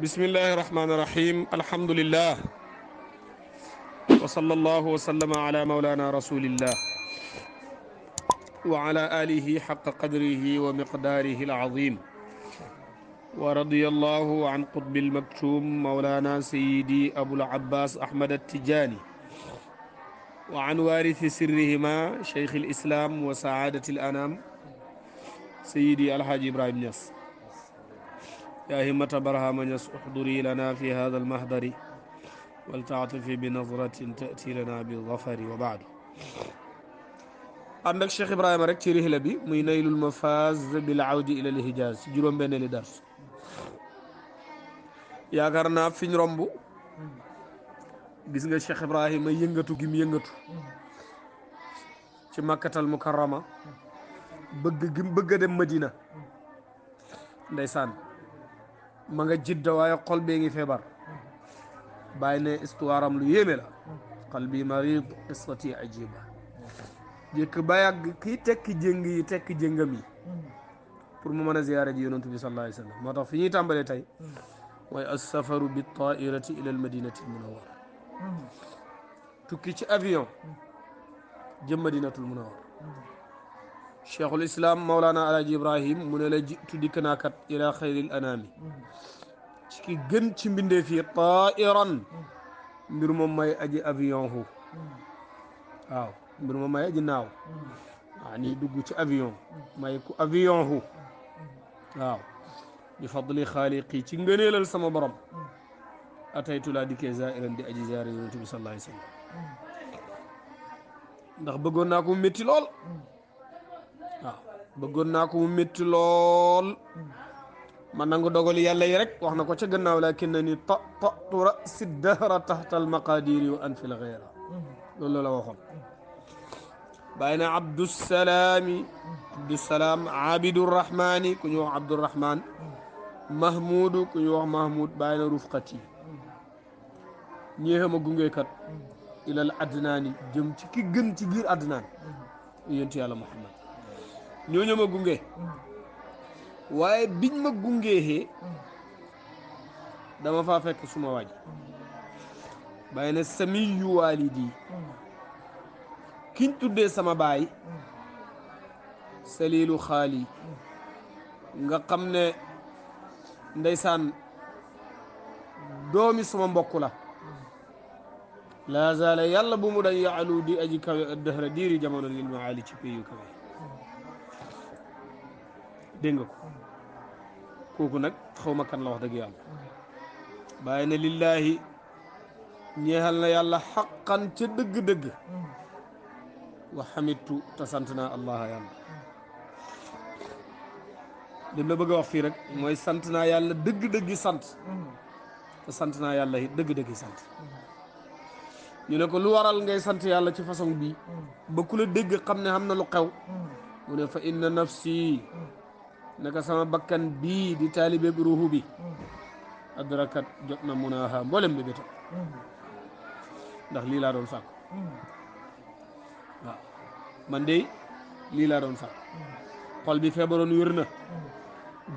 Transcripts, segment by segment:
بسم الله الرحمن الرحيم الحمد لله وصلى الله وسلم على مولانا رسول الله وعلى آله حق قدره ومقداره العظيم ورضي الله عن قطب المكتوم مولانا سيدي أبو العباس أحمد التجاني وعن وارث سرهما شيخ الإسلام وسعادة الأنام سيدي الحاج إبراهيم نصر همة برهام جس احضري لنا في هذا المهدر ولتعطفي بنظرة تأتي لنا بالظفر وبعد عندك شيخ إبراهيم رك تريه لبي مينيل المفاز بالعود إلى الهجاز جرم بين الدرس يا كرنا فين رمبو بسنجا شيخ إبراهيم ينغتو كم ينغتو في مكة المكرمة بغ بغ دم مدينة ديسان ma nga jidda waaye xol bee ngi feebar bàyyi ne histoire am lu yéeme la qalbi marid qissati ajiba jëkk ba yàgg kii tekki jëng yi pour mu mën a ziyaare ji yonantu bi sallallahu alayhi wa sallam moo tax fi ñuy tàmbalee tey mooy assafaru bi tairati ila al almadinati almunawara tukki ci avion jëm madinatul munawara شيخ الاسلام مولانا علي ابراهيم من لا جئتك ناكات الى خير الانام كي گن تي مبند في طائرا مير موم ماي ادي افيون هو واو مير موم ماي جناو يعني دغو تي افيون ماي كو افيون هو واو بفضل خالقي تي گنيلل سما بروم اتيت لا ديك زائرا دي ادي زائر النبي صلى الله عليه وسلم داخ بغوناكو ميتي لول waaw bëggoon naa ko mu métti lool ma nangu dogal yàlla yi rek wax na ko ca gannaaw laakin ni ta tatu rasi dahra taxta almaqadiri wa an fi l xeyra loolu la waxoon bàyyi na abdusalaami abdusalaam abidurahmaani ku ñu wax abdurahman mahmudu ku ñu wax mahmoud bàyyi na rufqati ñee xam a gungeekat ilal adnaani jëm ci ki gën ci biir adnaan yonentu yàlla muhammad ñooñu ma gunge mm. waaye biñ ma gungee gungeexee mm. dama fa fekk suma waaj mm. bàyyi ne sami yu waalidi kiñ tuddee sama baay salilu xaali nga xam ne ndeysaan doomi suma mbokk la laa zaala yàlla bu mu dañ yaalu di aji kawe addahra diiri jamono lil maali ci pays kawe dégg nga ko kooku nag xaw ma kan la wax dëgg yàlla bàyyi na lillaahi ñeexal na yàlla xaqan ca dëgg-dëgg wa xamittu te sant naa allah yàlla lim la bëgg wax fii rek mooy sant naa yàlla dëgg-dëggi sant te sant naa yàlla it dëgg-dëggi sant ñu ne ko lu waral ngay sant yàlla ci façon bii ba ku la dégg xam ne xam na lu xew mu ne fa inna nafsi naka sama bakkan bii di taalibe bi ruuxu bi adrakat jot na mun a xaa mboolem bi bétam ndax lii laa doon sàkk man de lii laa doon sàkk xol bi feebaroon wér na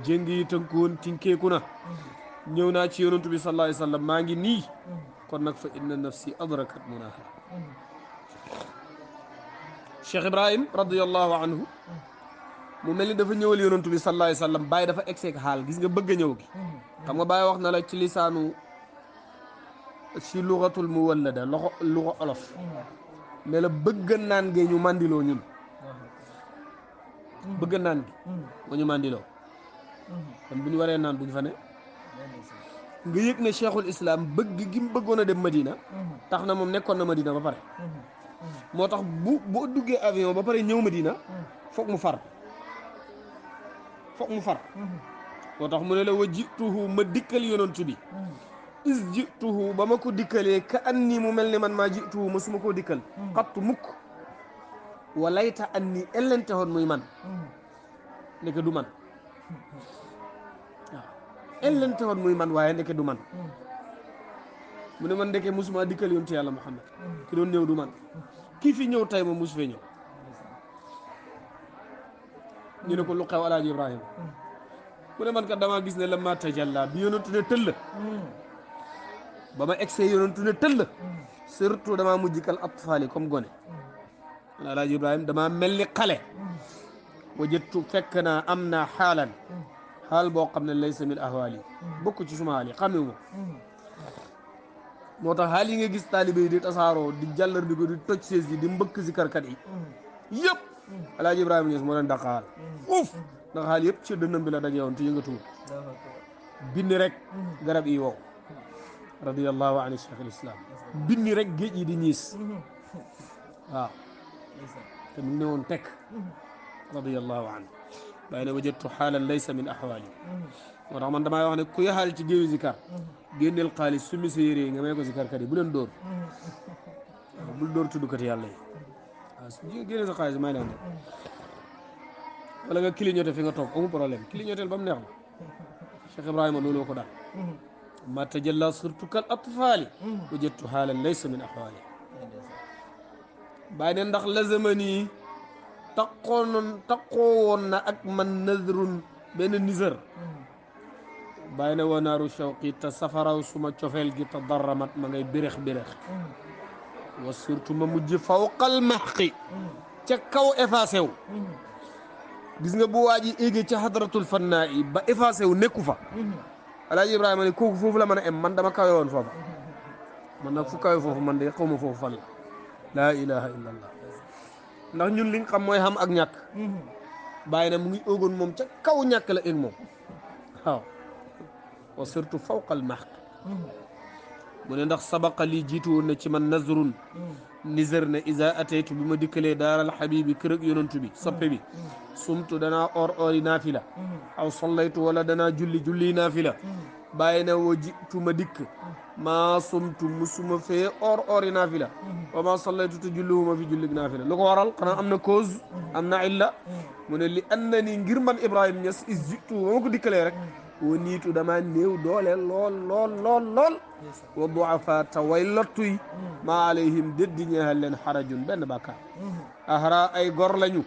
jéng yi tënkuwoon tinkeeku na ñëw naa ci yonantu bi sallallahu alayhi maa ngi nii kon nag fa inna nafsi adrakat mun a xaa Cheikh anhu mu mel ni dafa ñëwal yonantu bi sallallahu alayhi wasallam bàyyi dafa egseeg xaal gis nga bëgg a ñëw gi xam nga bàyyi wax na la ci lisaanu si luxatul mu wallada loxo luxa olof ne la bëgg naan gee ñu mandiloo ñun bëgg naan gi moo ñu mandiloo bu ñu waree naan duñ fa ne nga yëg ne cheikhul islaam bëgg gi mu bëggoon a dem Madina tax na moom nekkoon na ma Madina ba pare moo tax bu boo duggee avion ba pare ñëw Madina foog mu far foog mu far mhm. moo tax mu ne la wa jituhu ma dikkal yonantu bi mhm. is jituhu ba ma ko dikkalee ka an nii mu mel ni man maa jituhu ma su ma koo dikkal xattu mhm. mukk walayta an nii ellente hoon muy man ndeke du man waaw ellente hoon muy man waaye ndeke du man mu ne man ndeke mosuma dikkal yontu yàlla Muhammad ki doon kii fi ñëw tay moom mosu fee ñëw ñu ne ko lu xew alaaji ibrahima mu ne man kat damaa gis ne la ma tajalla bi yonentu ne tëll ba ma egsee yonentu ne tëll surtout damaa mujj kal atfaali comme gone man alaaji damaa mel ni xale wajëttu fekk naa am naa boo xam ne laysa min ahwaali bokk ci suma haal moo tax xaal yi nga gis taalibe yi di tasaaroo di jàllar bi di toj di mbëkk si karkat yi yëpp Mm. alaaji ibrahima ñes moo leen daqaar fuuf mm. ndax xaal yëpp ci dënnam bi la daje woon te yëngatuwul binni rek garab yi wow radiallahu an cheikh al binni rek géej yi di ñiis waaw te mu ne woon tekk radiallahu an bàyyi ne wajadtu xaalan laysa min axwaali moo tax man damay wax ne ku yaxal ci géewi zikar génneel xaalis su mi sa yére yi nga may ko zikarkat yi bu leen dóor mm. bul dóor waaw su génne sa xaalis may naan wala nga clignoté fi nga toog amul problème clignoté ba mu neex la Cheikh Ibrahima looloo ko daal ma tajalla surtout kal atfaali wajadtu xaalan laysa min axwaali bàyyi ne ndax la zamani taqoon taqoo woon na ak man nazrun benn nisër bàyyi ne wanaaru shawqi te safaraw suma cofeel gi te darramat ma ngay bérex bérex wa surtout ma mujj fawqal maxqi ca kaw effacé wu gis nga bu waa ji éegee ca xadratul fannaa yi ba effacé wu nekku fa alaaji ibrahima ne kooku foofu la mën a em man dama kawe woon foofa man nag fu kawe foofu man de xaw ma foofu fan la laa ilaha illa allah ndax ñun liñ xam mooy xam ak ñàkk bàyyi na mu ngi óogoon moom ca kaw ñàkk la éeg moom waaw wa surtout fawqal maxq mu ne ndax sabaqa lii jiitu woon na ci man nazrun nizar na isa ataytu bi ma dikkalee daaral xabibi kërëg yonantu bi soppe bi sumtu danaa or ori naafila aw sollaytu wala danaa julli julli naafila bàyyi na woo jitu ma dikk maa sumtu musuma fee or ori naafila wa ma sollaytu te julli wuma fi jullig naafila lu ko waral xanaa am na cause am na illa mu ne li anna ni ngir man Ibrahima Niass is jitu ba ma ko dikkalee rek wa niitu dama néew doole lool lool lool lool وضعفا تويلتوي ما عليهم دي الدنيا هلين حرجون بين أهرا أي غر لنيو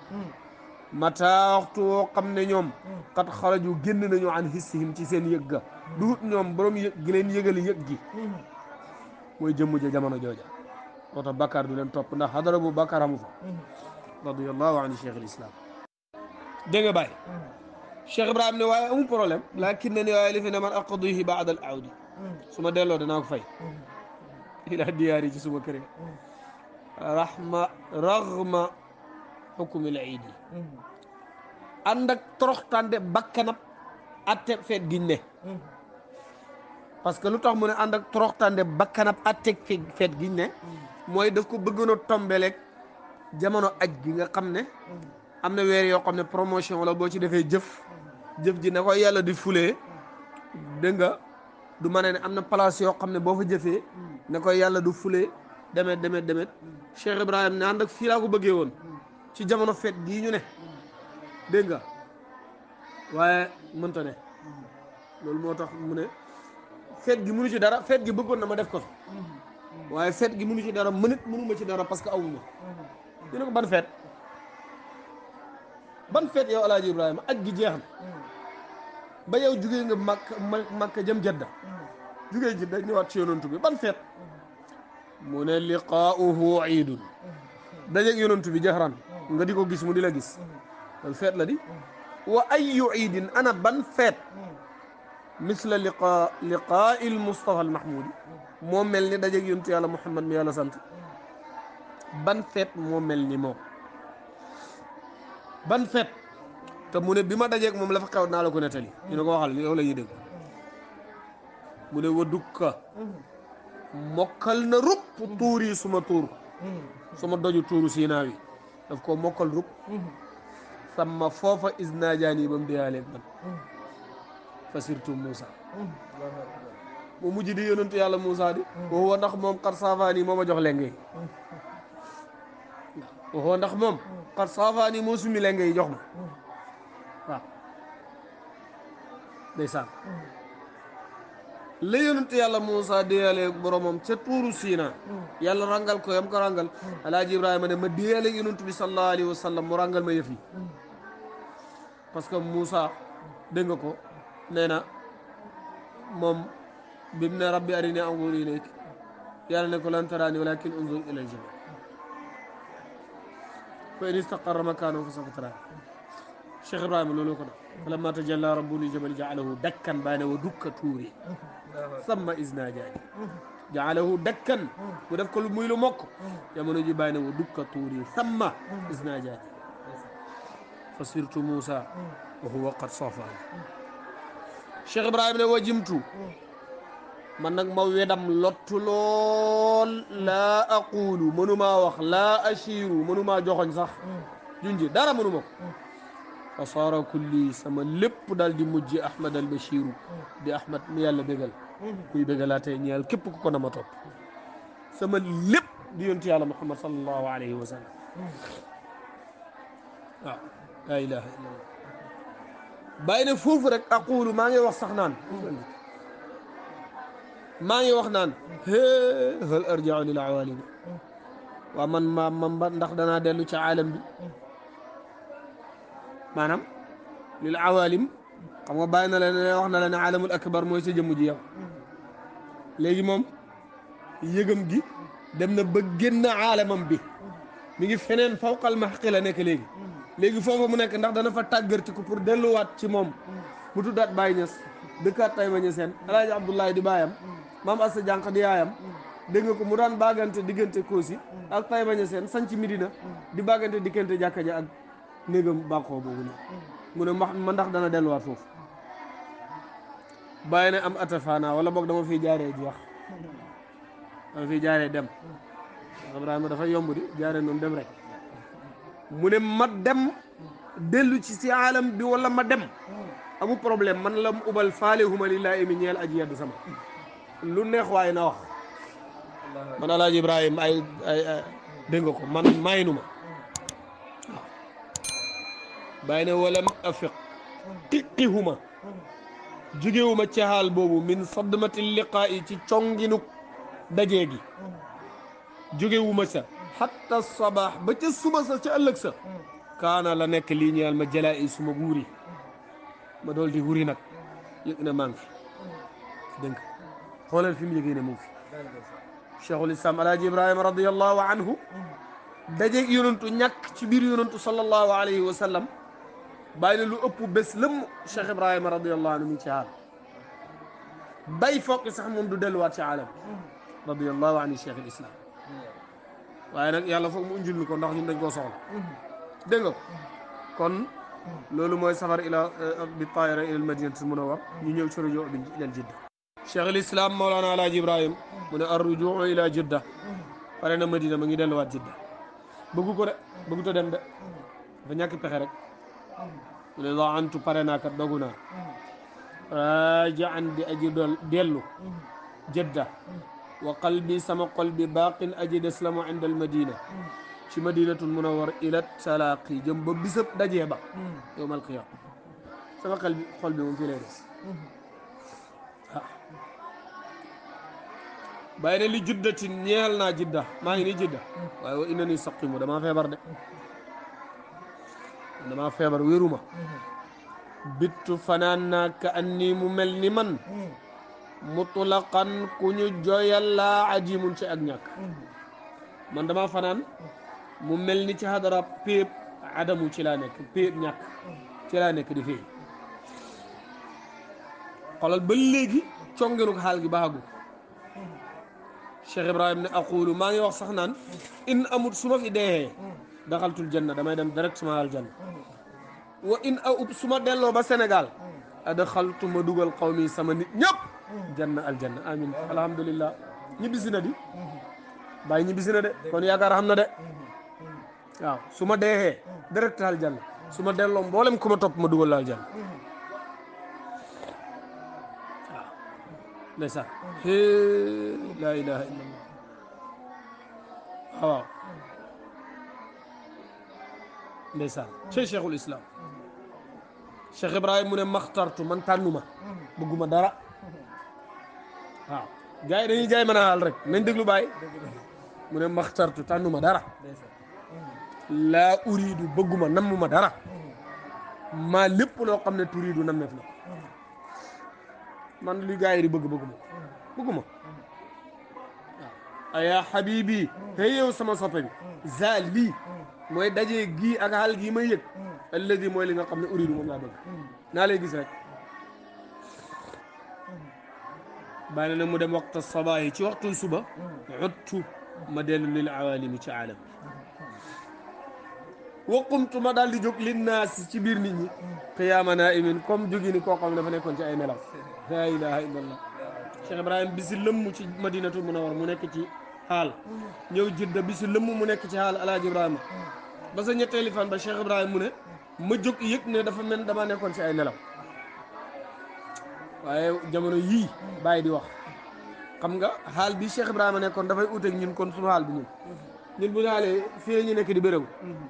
متى أختو قمن نيوم قد خرجوا جن نيو عن حسهم تسين يقا دوت نيوم بروم يقلين يقل يقجي وي جمو جا جمانا جوجا وطا بكر دولن توب نا حضر أبو بكر همو رضي الله عن شيخ الإسلام دنگ باي شيخ إبراهيم نوايا أم بروليم لكن نوايا لفنا من أقضيه بعد العودة su ma delloo danaa ko fay ilaa diyaar yi ci suma kër rahma raghma xukumil iid yi ànd ak toroxtande bakkanab atte feet giñ ne parce que lu tax mu ne ànd ak toroxtande bakkanab atte feet giñ ne mooy daf ko bëggoon a tombeleeg jamono aj gi nga xam ne am na weer yoo xam ne promotion la boo ci defee jëf jëf ji na ko yàlla di fulee dégg du ma ne ne am na place yoo xam ne boo fa jëfee hmm. ne koy yàlla du fule demet demet demet Cheikh Ibrahim ne ànd ak fii laa ko bëggee woon hmm. ci jamono feet gii ñu ne hmm. dégg nga waaye mënta ne loolu moo tax mu ne feet gi mënu ci dara feet gi bëggoon na ma def ko fi waaye gi mënu ci dara mënit mënuma ci dara parce que awuma ñu ko ban feet ban feet yow Alaaji Ibrahima aj gi jeex na ba yow jugee nga Makka Makka jëm Jedda mm-hmm. jugee Jedda ñëwaat ci yonantu bi ban feet mm-hmm. mu ne liqaauhu iidun mm-hmm. dajeeg yonantu bi jahran nga di ko gis mu di la gis ban feet la di wa ayu iidin ana ban feet misla liqa liqaail Mustafa al Mahmudi moo mel ni dajeeg yontu yàlla Muhammad mi yàlla sant ban feet moo mel ni moom te mu ne bi ma dajeeg moom la fa kaw naa la ko nettali ñu ne ko waxal yow la ñuy dégg mu ne wa mokkal na rupp tuur suma tuur suma doju tuuru siinaa wi daf koo mokkal rupp sama foofa isnadiaan yi ba mu déyaaleeg man fasirtu Moussa mu mujj di yonentu yàlla Moussa di waxuwa ndax moom xar saafaani moo ma jox lenge ndax moom xar yi jox ma ديسان لي يونت يالا موسى ديالي بروموم تي تور سينا يالا رانغال كو يام كو رانغال على ابراهيم ما ديالي يونت بي صلى الله عليه وسلم مو رانغال ما يفي باسكو موسى دنگكو نينا موم بيمنا ربي اريني انظر اليك يالا نكو لن تراني ولكن انظر الى الجبل فإن استقر مكانه فسوف تراه شيخ ابراهيم لولو كده فلما تجلى ربه لجبل جعله دكا بان ودك توري ثم إذ ناجاني جعله دكا ودف كل ميلو مكو يمنو جبان ودك توري ثم إذ ناجاني فصرت موسى وهو قد صافى شيخ إبراهيم لو wajimtu man nag ma wedam لا lool laa aquulu mënumaa wax laa ashiiru mënumaa joxoñ sax junji dara mënuma وصار كل سما لب دال دي مجي احمد البشير دي احمد مي يالا بيغال كوي بيغالاتي نيال كيب كو كنا سما لب دي يونت يالا محمد صلى الله عليه وسلم لا اله الا الله باين فوف رك اقول ما نغي واخ سخنان ما نغي واخ نان هل ارجعوا للعوالم ومن ما من ندخ دانا دلو تاع بي maanaam la awalim xam nga bàyyi na la ne wax na la ne alamul akbar mooy sa jëmm ji yow léegi moom yëgëm gi dem na ba génn aalamam bi mu ngi feneen fawqal mahaqi la nekk léegi léegi foofu mu nekk ndax dana fa tàggarti ko pour delluwaat ci moom mu tuddaat Baye Niass dëkkaat Taïba Niassène alaaji Abdoulaye di baayam maam Assa Diankha di yaayam dégg ko mu daan baagante diggante Koosi ak Taïba Niassène sanc Medina di baagante diggante jàkka ja néegam bàqoo boobu la mu ne ma ndax dana delluwaat foofu bàyyi ne am atafaana wala boog dama fi jaaree jeex dama fi jaaree dem Ibrahima dafa yomb di jaaree noonu dem rek mu ne ma dem dellu ci si alam bi wala ma dem amu problème man lam ubal faale huma lillaahi mi ñeel aji yeddu sama lu neex waaye na wax man alaaji Ibrahima ay ay ko man maynuma bàyyi ne wala mu afiq tiqihuma jugewuma ci xaal boobu min sadmati liqaa yi ci conginuk dajee gi jugewuma sa xatta sabaax ba ca suba sa ca ëllëg sa kaana la nekk lii ñeel ma jalaa yi suma wuuri ma dool di wuri nag yëg na maa ngi fi dégg nga xoolal fi mu yëgee ne mu ngi fi cheikhul islam alaaji ibrahima radiallahu anhu dajeeg yonantu ñàkk ci biir yonantu sallallahu alayhi wa sallam bàyyi ne lu ëpp bés lëmm Cheikh Ibrahima radiallahu anhu mi ngi ci alam bay fokk sax moom du delluwaat ci alam radiallahu anhu Cheikh al Islam waaye nag yàlla foog mu unjul ni ko ndax ñun dañ koo soxla dégg nga kon loolu mooy safar ila euh, bi taayira ila madinatul munawwar ñu ñëw ci rujuu bi ila jidda cheikh al islam mawlana alaaji ibrahim mu ne ar rujuu ila jidda pare na madina ma ngi delluwaat jidda bëggu ko de bëggu ta dem de dafa ñàkk pexe rek mu ne antu pare naa kat dogu naa raaja an di aji dellu jëdda wa qalbi sama xol bi baaqin aji des la mu indal madina ci madinatul munawwar ilat salaaqi jëm ba bisab dajee ba yowmal sama xel bi xol bi moom fii lay des ah. bàyyi ne li juddatin ñeel jidda maa ngi nii jidda waaye wa inna saqimu damaa feebar de damaa feebar wéruma mm-hmm. bittu fanaan naa ka mu mel ni man mm-hmm. mutlaqan ku ñu joyal laa ajimun ci ak ñàkk mm-hmm. man damaa fanaan mu mel ni ci hadara péeb adamu ci laa nekk péeb ñàkk ci laa nekk di fii xolal ba léegi congeruk xaal gi baaxagul Cheikh Ibrahim ne aqulu maa ngi wax sax naan in amut su ma fi deexee daxaltul janna damay dem directement aljanna wa in a ub su ma delloo ba Sénégal adaxaltu ma dugal xaw mi sama nit ñëpp janna aljanna amin alhamdulillah ñibbisi na di bàyyi ñibbisi na de kon yaakaar xam de waaw su ma deexee direct aljanna su ma delloo mboolem ku ma topp ma dugal la aljanna waaw ndeysaan laa ilaha illa allah ndeysaan cey cheikhul islam cheikh ibrahima mu ne maxtartu man tànnuma bëgguma dara waaw gars yi dañuy jaay mën a xaal rek nañ déglu bàyyi mu ne maxtartu tànnuma dara laa uridu bëgguma nammuma dara maa lépp loo xam ne turidu nammeef na man li gars yi di bëgg bëgguma bëgguma waaw ayaa habibi hey yow sama soppe bi zaal lii mooy daje gii ak xaal gii may yëg alladi mooy li nga xam ne uridu moom laa bëgg naa lay gis rek bàyyi na mu dem waxta sabaa yi ci waxtu suba xottu ma dellu lil awalimi ci aalam waqumtu ma daal di jóg lin naas ci biir nit ñi qiyaama naimin comme jógi ni koo xam dafa nekkoon ci ay melaw la ilaha illallah cheikh ibrahim bisi lëmm ci madinatul munawar mu nekk ci Hal, ñew jidda bi si mu nek ci hal alaaj ibrahim ba sa ñetteli fan ba cheikh ibrahim mu ne ma jog yek ne dafa mel dama nekkon si ay nelaw waye jamono yi baye di wax xam nga hal bi cheikh nekkon da fay uteeg ñun kon suñu hal bi ñun ñun bu ñu fi lañu nekk di bérébu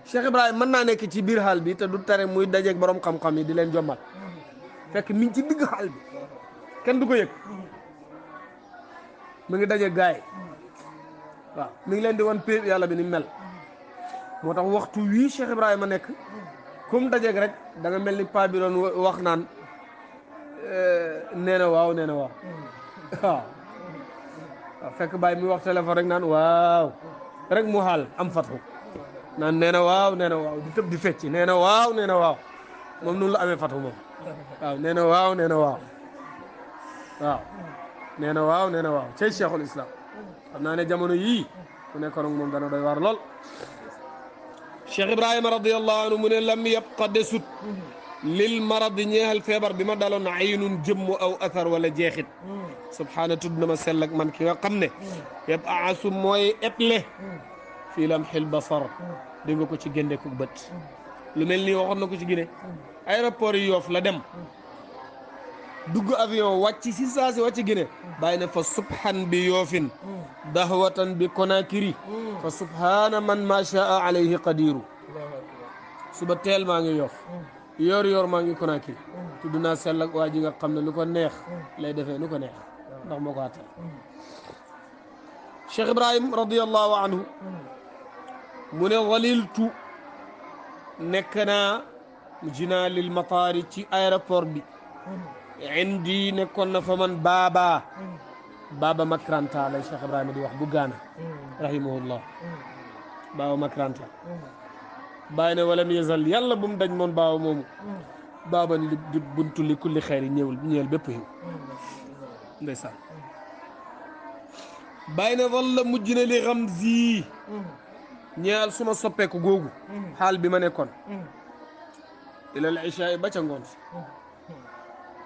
cheikh ibrahim man na nekk ci bir hal bi te du tare muy ak borom xam-xam yi di leen jommal fekk ci digg hal bi kenn du ko yek mi ngi gaay waaw mi ngi leen di wan péeb yàlla bi ni mel moo tax waxtu wii Cheikh Ibrahima nekk kom dajeeg rek da mel ni paa bi doon wax naan eh, nee waaw nee na hmm. waaw waaw fekk bàyyi mi wax téléphone rek naan waaw rek mu xaal am fatu naan nee na waaw nee na waaw di tëb di fecc nee na waaw nee na waaw moom noonu la amee fatu moom waaw nee waaw nee waaw waaw nee na waaw xam naa ne jamono yii ku nekkoon ak moom dana doy waar lool cheikh ibrahima radiallahu anhu mu ne lam yabqa desut lil marad ñeexal feebar bi ma daloon aynun jëmm aw athar wala jeexit subhaana tudd na ma sell ak man ki nga xam ne yab aasu mooy etle fii lamxil basar di nga ko ci génde ku bët lu mel nii waxoon na ko ci Guinée aéroport yi yoof la dem dugg avion wàcc si saa si wàcc Guinée bàyyi na fa subhan bi yoofin dahwatan bi Conakry fa subhana man ma shaa alayhi qadiru suba teel maa ngi yoof yoor yoor maa ngi Conakry tudd naa sell ak waa ji nga xam ne lu ko neex lay defee lu ko neex ndax moo ko àttal Cheikh Ibrahim radiallahu anhu mu ne waliltu nekk naa jinaa lil mataari ci aéroport bi عندي نكون فمن بابا بابا مكرانتا على الشيخ ابراهيم دي واحد رحمه الله بابا مكرانتا باينه ولم يزل يلا بوم دج مون بابا مومو بابا دي بنتو لي كل خير نيول نيول بيب هي ندسان باينه والله مجنا لي غمزي نيال سما سوبيكو غوغو حال بما نيكون الى العشاء باتا غونس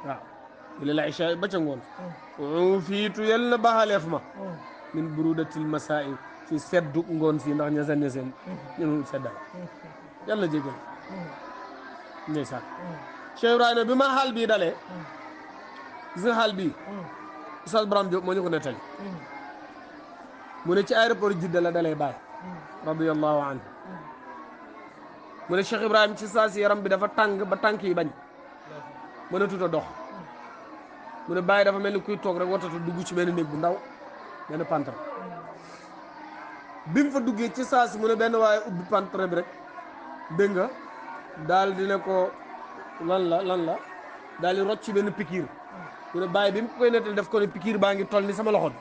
waaw ila la isha ba ca ngoon fiitu yal na baxaleef ma min burudatil masaa'i ci seddu ngoon si ndax ña seen seen ñun seddal yàlla jégal ndeysaan Cheikh Ibrahima bi ma xaal bii dalee Braham Diop moo ñu ko nettali mu ne ci aéroport Jidda la dalee baay radiyallahu anhu mu ne Cheikh Ibrahima ci saa si yaram bi dafa tàng ba tànk yi bañ mënatut a dox mu ne bàyyi dafa mel ni kuy toog rek wototu dugg ci benn néeg bu ndaw benn pantre bi mu fa duggee ci saa si mu ne benn waaye ubbi pantre bi rek dégg nga daal di ne ko lan la lan la daal di rocc ci benn pikiir mu ne bàyyi bi mu koy nettali daf ko pikiir baa ngi toll ni sama loxo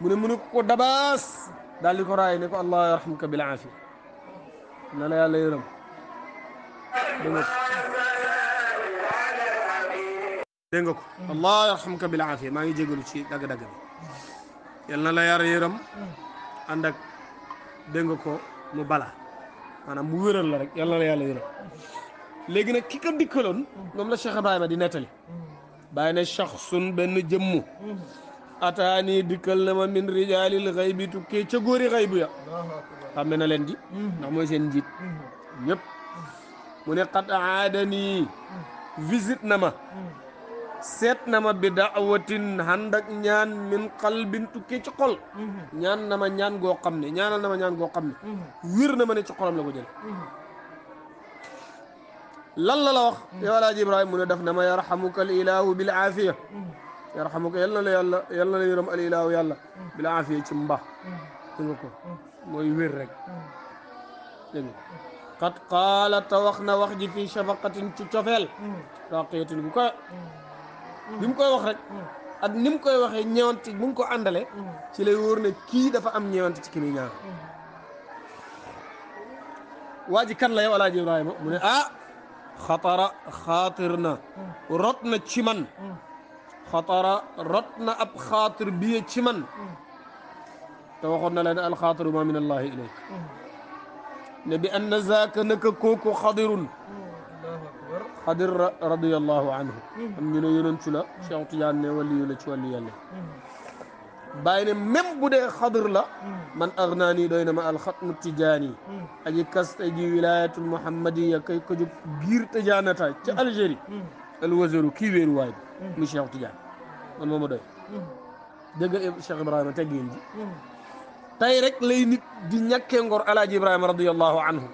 bi mu ne mu ko dabaas daal di ko raay ne ko allah yarhamka bil aafiya na دينغوك الله يرحمك بالعافيه ما يجي يقول شيء دق دق يلنا لا يار يرم عندك دينغوكو مو بالا انا مو ويرال لا رك يلنا لا يالا يرم لغي نك كيكا ديكلون نوم لا شيخ ابراهيم دي نيتالي باين شخص بن جمو اتاني ديكل نما من رجال الغيب توكي تي غوري غيب يا امنا لين دي نا موي سين جيت ييب من قد عادني فيزيت نما Set nama beda bi daawatin nyan min qalbin tukkee ci xol ñaan mhm. na ma ñaan goo xam ne ñaanal na ma ñaan goo xam ne mhm. wér na ma ne ci xolam mhm. la ko jël lan ya la la wax yow mu ne def na ma yarhamuka ilahu bil aafiya yarhamuka yal na la yàlla yal na la yërëm al ilahu bil aafiya ci mba dégg nga ko mooy wér rek qad qaala na shafaqatin ci raqiyatin bimu koy wax rek ak nim koy waxe ñeewante mu ngi ko àndale ci lay wóor ki dafa am ñeewante ci ki ñaar waji kan la yow alaaji ibrahima mu ne ah khatara khatirna na ci man khatara rot ab khatir bi ci man te waxon na len al alxaatiru ma min allah ilayk nabi an ann zaaka naka kooku xadirun xadir radiallahu anhu am ñu ne yonentu la Cheikh Tidiane ne waliyu la ci wàllu yàlla bàyyi ne même bu dee xadir la man agna nii doy na ma alxatmu tijaani aji kas aji wilayatul muhammadiya kay ko jóg biir tijaanata ca Algérie alwazaru kii wéeru waay bi mu Cheikh Tidiane man moo ma doy dëgg Cheikh Ibrahima teggeen ji tey rek lay nit di ñàkkee ngor alaaji Ibrahima radiallahu anhu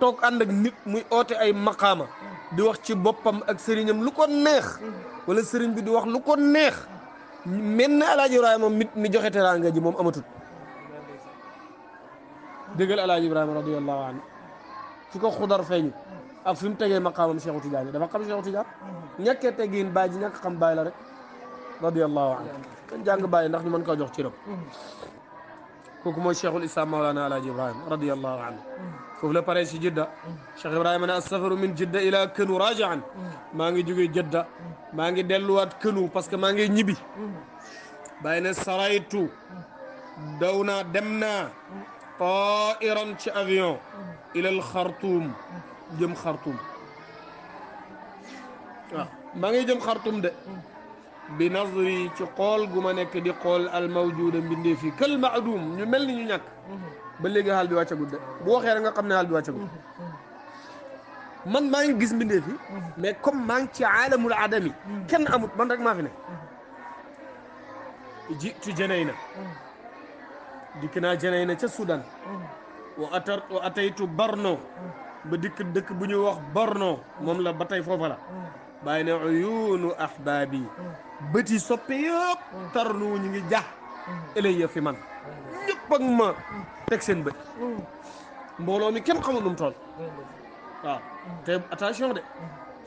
toog ànd ak nit muy oote ay maqaama di wax ci boppam ak sëriñam lu ko neex mm-hmm. wala sëriñ bi di wax lu ko neex mel na alaaji ibrahima moom mit mi joxe teraanga ji moom amatut dëggal alaaji ibrahima radiyallahu anhu fi ko xudar feeñu ak fi mu tegee maqaamam Cheikhu Tidiane dafa xam Cheikhu Tidiane mm-hmm. ñàkkee teggin baay ji ñàkk xam baay la rek radiyallahu anhu mm-hmm. kan jàng baay ndax ñu man koo jox ci rëb kooku mooy cheikhul islam maolana alaaji ibrahima radiallahu anhu foofu la pare si jidda cheikh ibrahima ne asafaru min jidda ila kënu rajaan maa ngi jógee jidda maa ngi delluwaat kënu parce que maa ngi ñibbi bàyyi ne saraytu daw naa dem naa tairan ci avion ilal xartuum jëm xartuum waaw maa ngi jëm xartuum de bi nazri ci xool gu ma nekk di xool al mawjuda mbindee fi kël maadum ñu mel ni ñu ñàkk ba léegi xaal bi wàccagul de bu waxee rek nga xam ne xaal bi wàccagul man maa ngi gis mbindee fi mais comme maa ngi ci aalamul adami kenn amut man rek maa fi ne jitu jënay na dikk naa jënay na ca Soudan wa atar wa ataytu Borno ba dikk dëkk bu ñuy wax Borno moom la ba tey foofa la bàyyi ne uyuunu ahbaab yi bëti soppe yëpp tarlu ñu ngi jax ilayya fi man ñëpp ak ma teg seen bët mbooloo mi kenn xamul nu mu toll waaw te attention de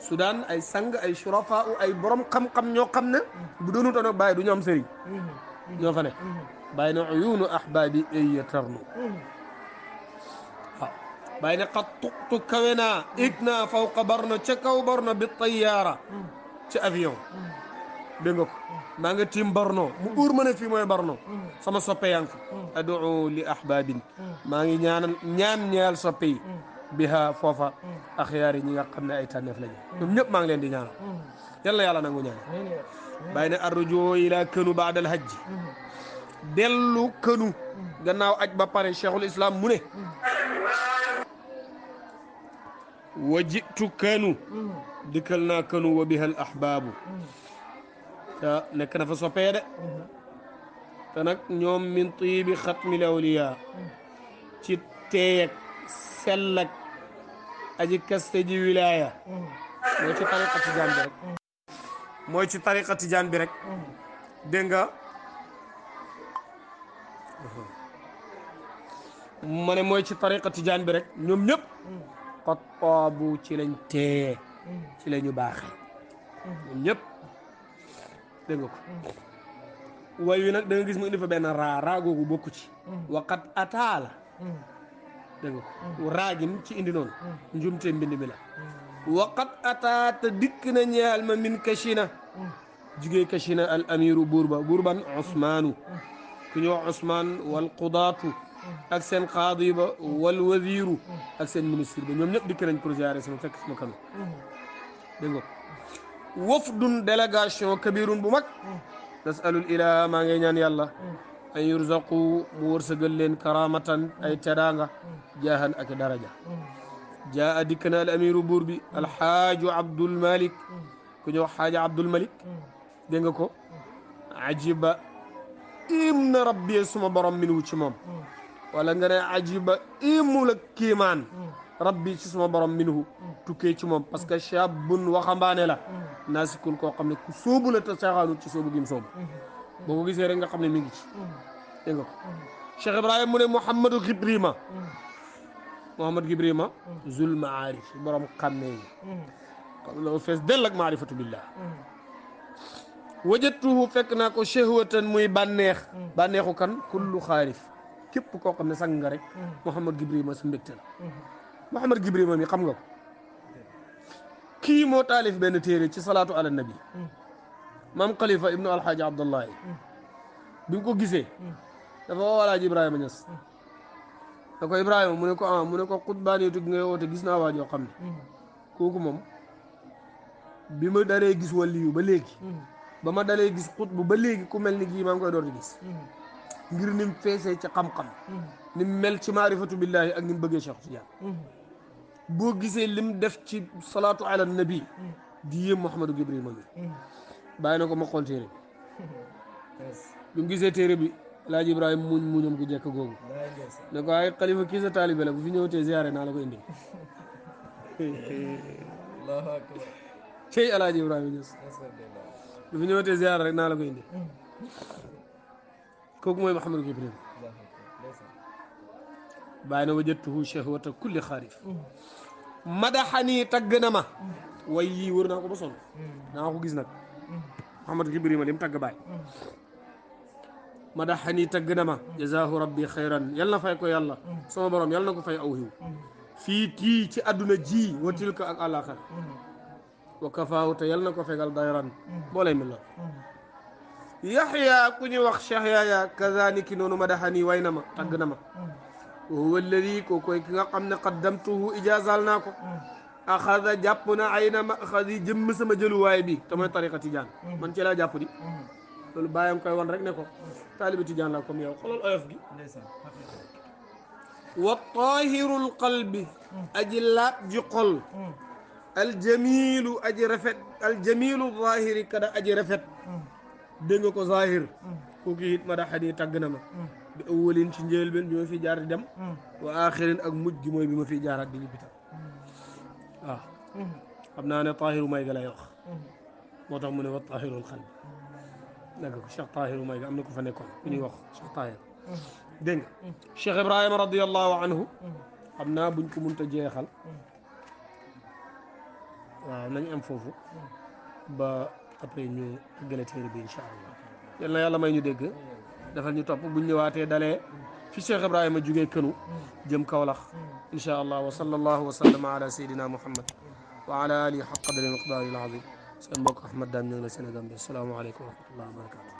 Soudan ay sang ay surafa ay borom xam-xam ñoo xam ne bu doonu toon ak bàyyi du ñu am sëriñ ñoo fa ne bàyyi ne uyuunu ahbaab yi ilayya بين قد تكونا إكنا فوق برنا تكو برنا بالطيارة تأفيون dégg nga ko maa nga tiim barno mu uur ma ne fii mooy barno sama soppe yaa ngi fi aduu li ahbabin maa ngi ñaanal ñaan ñeel soppe yi biha foofa axyaar yi ñi nga xam ne ay tànneef lañu ñoom ñëpp maa ngi leen di ñaanal yal na yàlla nangu ñaan bàyyi ne arrujo ila kënu baadal hajji dellu kënu gannaaw aj ba pare cheikhul islam mu ne وجئت كانوا دكلنا كانوا وبها الأحباب تا نكنا فصفيرة تنك نوم من طيب ختم الأولياء تيك سلك أجي كستجي ولاية موشي طريقة تجان برك موشي طريقة تجان برك دنگا من موشي طريقة تجان برك نم نوم qad taabu ci lañ teeye ci lañu baaxe ñoom ñëpp dégg nga nag da nga gis mu indi fa benn raa raa waqat ataa la dégg nga mm. ci indi noonu mm. njumte mbind la mm. waqat ataa te dikk na ma min kachina jugee kachina al amiru buur ba osmaanu ku ñu osmaan wal qudaatu ak seen xaadi ba wal waziru ak seen ministre ba ñoom ñëpp dikk nañ pour ziare sama fekk sama kanu dégg nga wafdun délégation kabirun bu mag nasalul ilaha maa ngay ñaan yàlla an yurzaqu mu wërsëgal leen karamatan ay teraanga jaahan ak daraja jaa dikk na al amiru buur bi alxaaju abdul malik ku ñëw xaaja abdul malik dégg nga ko ajiba im na rabbi suma borom min wu ci moom wala nga ne ajiba imul kiimaan rabbi ci suma borom minhu tukkee ci moom parce que chabun waxambaane la naasikul koo xam ne ku sóobu la te saaxaanut ci sóobu gi mu boo gisee rek nga xam ne mi ngi ci dégg nga ko Cheikh Ibrahima mu ne Mouhamadou Gibrima zul maarif borom xàmmee yi xam la fees dell fekk naa ko shahwatan muy bànneex bànneexu kan kullu xaarif képp koo xam ne sang nga rek mm. Mouhamad Gibril su mbégte la mm. Mouhamad Gibril mi xam nga ko kii moo taalif benn téere ci salaatu ala nabi mm. maam Khalifa ibnu alhaaji Abdullahi bi mu ko gisee dafa woo alaaji Ibrahima Niass da ko Ibrahima mu ne ko ah mu ne ko xutbaaneetu gi ngay woote gis naa waajoo xam ne kooku moom bi ma daree gis waliyu ba léegi ba ma daree gis xutbu ba léegi ku mel ni kii maa koy door di gis ngir nim fessé ci xam-xam nim mel ci maarifatu billahi ak nim bëggé Cheikh Tidiane bo gisé lim def ci salatu ala nabi di yé Mouhamadou Gibril ma ngi bàyyi na ko ma xool téere bi mu gisee téere bi laj ibrahim muñ muñum gu jekk googu ne ko ay khalifa ki sa talibé la bu fi ñëwtee ziare na la ko indi allah akbar cey alaji ibrahim Ñas bu fi ñëwtee ziare rek na la ko indi kooku mooy Mouhamadou Jibril bàyyi na wajattuhu shahwata kulli xaarif madaxani tagg na ma way yii wër naa ko ba sonn naa ko gis nag Mouhamadou Jibril ma lim tagg bàyyi madaxani tagg na ma jazaahu rabbi xayran yal na fay ko yàlla sama borom yal na ko fay aw xiw fii kii ci àdduna ji wa tilka ak àllaaxira wa kafaahu te yal na ko fegal dayran boo lay mel la يحيى كني وخ شهيا يا كذا نك نونو وينما تغنما هو الذي كوكوي كيغا خامنا قدمته اخذ جابنا اينما اخذ جم سما جلو تما طريقه تيجان من تي لا جاب دي لول بايام كاي وون رك نكو طالب تيجان لا والطاهر القلب اجلا جقل الجميل اجي رفت الجميل الظاهر كدا اجي رفت dégg ko zahir ko ki hit mara hadi tagna ma bi awalin ci njëlbeen ben bima fi jaar di dem wa akhirin ak mujj gi mooy bi ma fi jaaraat di ñibbi tam waaw xam ne tahir may gala yox motax mu ne wa tahirul xalbi naka ko cheikh tahir may ga am ko fa nekkoon ku ñuy wax cheikh tahir deng cheikh ibrahim radiyallahu anhu xamna buñ ko munta jeexal waaw nañ am fofu ba après ñu gën a téere bi incha allah yal na yàlla may ñu dégg dafal ñu topp bu ñu ñëwaatee dalee fi Cheikh Ibrahima jugee kënu jëm Kawlax incha allah wa sallallahu wa sallama ala sayyidina muhammad wa ala alihi xaq qadri miqdaari al azim seen mbokk Ahmad Dame ñu ngi la Sénégal bi asalaamaaleykum wa rahmatullahi wa barakatu